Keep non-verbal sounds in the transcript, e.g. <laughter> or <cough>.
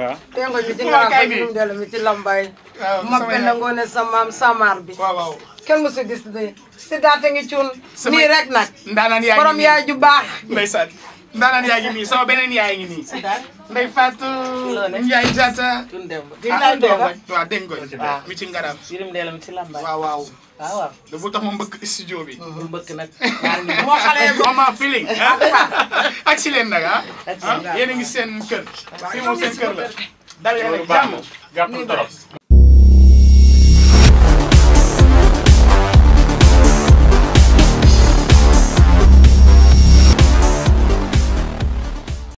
waaw tengo bi ci naaka bi mu dellu mi ci lambay mag benn ngoone sa maam samaar bi waaw kenn mësu gis de si daate ngi cuun nii rek nag ndaanaan yaa borom yaay ju baax ndeysaan ndaanaan yaa ngi nii sama beneen yaa ngi nii. Ndeye Fatou. Ndiaye Diatta. ah waaw dégg nga mi ci ngaram. Yirim Ndeye la mi ci lambaay. waaw waaw. waaw waaw dafa tax ma mbëkk studio bi. mu mbëkk nag. <laughs> moo xale yi vraiment feeling ak ah. <laughs> si leen nag ah. ah. yéen a ngi seen kër. fii moom seen kër la. dal leen ak jàmm gàpp torop